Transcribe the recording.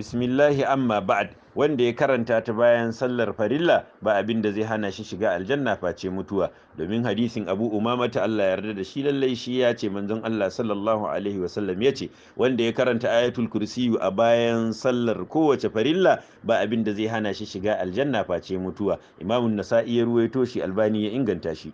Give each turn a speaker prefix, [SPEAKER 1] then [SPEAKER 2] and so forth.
[SPEAKER 1] bismillahi amma ba'ad wanda ya karanta ta bayan sallar farilla ba abin da zai hana shi shiga aljanna face mutuwa domin hadisin abu umama ta Allah ya yarda da shi lallai shi ya ce manzon Allah sallallahu alaihi wasallam ya ce wanda ya karanta ayatul kursiyu a bayan sallar kowace farilla ba abin da zai hana shi shiga aljanna face mutuwa imamun nasa'i ya ruwaito shi albani ya inganta shi